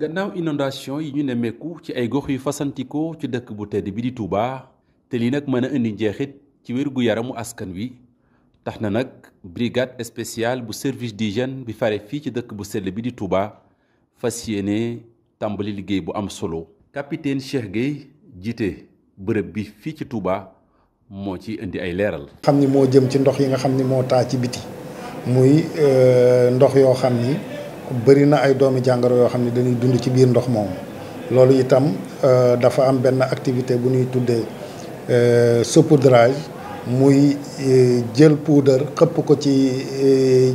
gannaaw inondation yi ñu nemmeeku ci ay gox yu fasantikoo ci dëkk bu tedd bi di Touba te li nag mëna indi njeexit ci wérgu yaramu askan wi tax na nag brigade spéciale bu service di d'hygiène bi fare fii ci dëkk bu sell bi di Touba fas yéene tàmbali liggéey bu am solo. capitaine Cheikh Gueye jiite bërëb bi fii ci Touba moo ci indi ay leeral. xam ni moo jëm ci ndox yi nga xam ni moo taa ci biti. muy euh, ndox yoo xam ni bëri na ay doomi jàngoro yoo xam ni dañuy dund ci biir ndox moom loolu itam euh, dafa am benn activité bu ñuy tuddee euh, saupoudrage muy jël puudar xëpp ko ci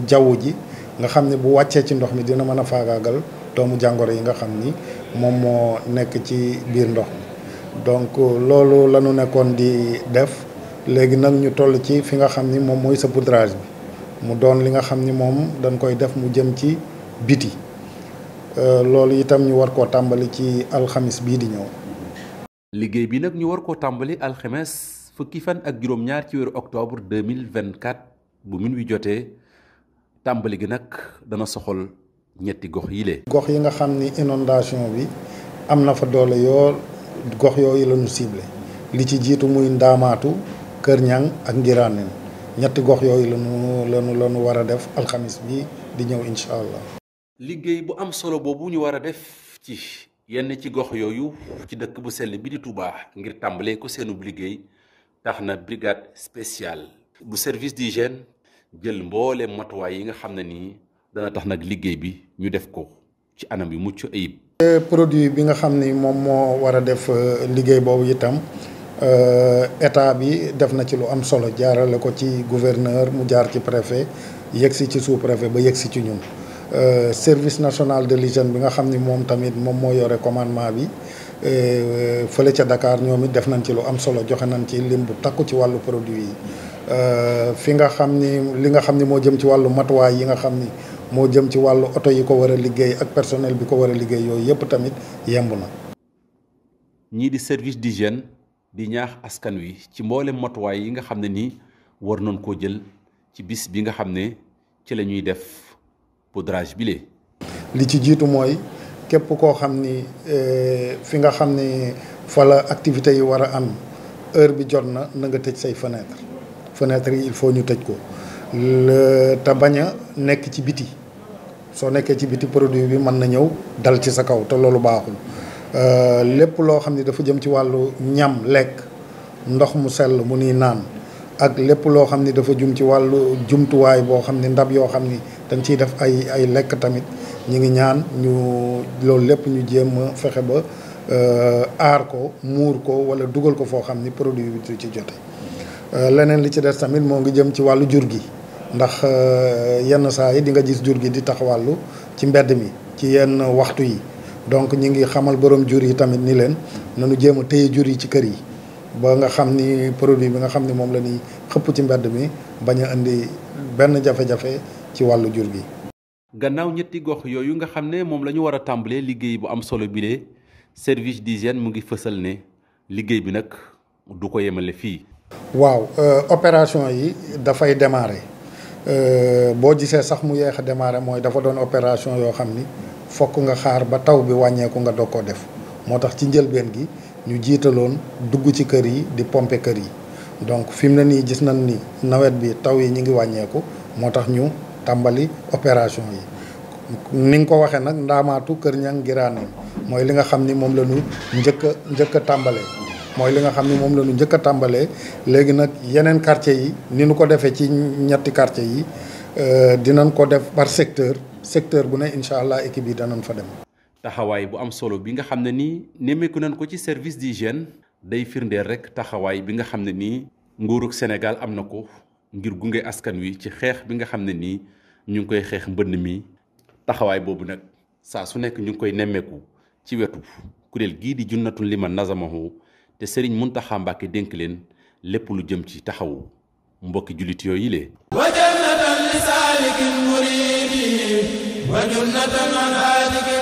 jaww ji nga xam ne bu wàccee ci ndox mi dina mën a faagaagal doomu jàngoro yi nga xam ni moom moo nekk ci biir ndox mi donc loolu la nekkoon di def léegi nag ñu toll ci fi nga xam ni moom mooy saupoudrage bi mu doon li nga xam ni moom dañ koy def mu jëm ci biti euh, loolu itam ñu war koo tàmbali ci alxames bii di ñëw. liggéey bi nag ñu war koo tàmbali alxames fukki fan ak juróom-ñaar ci weeru octobre 2024 bu min wi jotee tàmbali gi nag dana soxol ñetti gox yi gox yi nga xam ni inondation bi am na fa doole yoo gox yooyu lañu ñu li ci jiitu muy ndaamaatu Kër Ñang ak Ngiraanen ñetti gox yooyu la nu la war a def alxamis bi di ñëw incha allah. liggéey bu am solo boobu ñu war a def ci yenn ci gox yooyu ci dëkk bu sell bi di Touba ngir tàmbalee ko seenub liggéey tax na brigade spéciale bu service di d'hygiène jël mboole matuwaay yi nga xam ne nii dana tax nag liggéey bi ñu def ko ci anam yu mucc ayib. produit bi nga xam ni moom moo war a def euh, liggéey boobu itam. Euh, état bi def na ci lu am solo jaarale ko ci gouverneur mu jaar ci préfet yegg si ci sous préfet ba yegg si ci ñun euh, service national de l'hygiène bi nga xam ni moom tamit moom moo yore commandement bi euh, fële ca Dakar ñoom it def nañ ci lu am solo joxe nañ ci lim bu takku ci wàllu produit yi fi nga xam ni li nga xam ni moo jëm ci wàllu matuwaay yi nga xam ni moo jëm ci wàllu oto yi ko war a liggéey ak personnel bi ko war a liggéey yooyu yëpp tamit yemb na. di service d'hygiène di ñaax askan wi ci mboolem matuwaay yi nga xam ne nii war nañ koo jël ci bis bi nga xam ne ci la ñuy def poudrage bi lee li ci jiitu mooy képp koo xam ni eh, fi nga xam ne fa la activité yi war a am heure bi jot na na nga tëj say fenêtre fenêtre yi il faut ñu tëj ko te bañ a nekk ci biti soo nekkee ci biti produit bi mën na ñëw dal ci sa kaw te loolu baaxul Euh, lépp loo xam ni dafa jëm ci wàllu ñam lekk ndox mu sell mu nuy naan ak lépp loo xam ni dafa jum ci wàllu jumtuwaay boo xam ni ndab yoo xam ni dañ ciy def ay ay lekk tamit ñu ngi ñaan ñu loolu lépp ñu jéem fexe ba euh, aar ko muur ko wala dugal ko foo xam ni produit bi ci jote euh, leneen li ci des tamit moo ngi jëm ci wàllu jur gi ndax yenn saa yi di nga gis jur gi di tax wàllu ci mbedd mi ci yenn waxtu yi donc ñi ngi xamal borom jur yi tamit ni leen nañu jéem a téye jur yi ci kër yi ba nga xam ni produit bi nga xam ni moom la ñuy xëpp ci mbedd mi bañ a indi benn jafe-jafe ci wàllu jur gi. gannaaw ñetti gox yooyu nga xam ne moom la ñu war a tàmbalee liggéey bu am solo bile service d'hygiène mu ngi fësal ne liggéey bi nag du ko yemale fii. waaw euh, opération yi dafay démarrer euh, boo gisee sax mu yéex a démarrer mooy dafa doon opération yoo xam ni. fokk nga xaar ba taw bi wàññeeku nga doog koo def moo tax ci njëlbeen gi ñu jiitaloon dugg ci kër yi di pompe kër yi donc fi mu ne nii gis nañ ni nawet bi taw yi ñu ngi wàññeeku moo tax ñu tàmbali opération yi ni nga ko waxee nag ndaamaatu kër ñang mooy li nga xam ni moom la ñu njëkk a njëkk a tàmbalee mooy li nga xam ni moom la ñu njëkk a tàmbalee léegi nag yeneen quartier yi ni ñu ko defee ci ñetti quartier yi euh, dinañ ko def par secteur secteur bu ne incha allah équipe yi danañ fa dem. taxawaay bu am solo bi nga xam ne nii nemmeeku nañ ko ci service d'hygiène day firndeel rek taxawaay bi nga xam ne nii nguurug Sénégal am na ko ngir gunge askan wi ci xeex bi nga xam ne nii ñu ngi koy xeex mbënn mi taxawaay boobu nag saa su nekk ñu ngi koy nemmeeku ci wetu kuréel gii di junnatun liman nazamahu te sëriñ Muntaxa Mbàkke dénk leen lépp lu jëm ci taxawu mbokki jullit yooyu lee لسالك المريد وجنة من هادك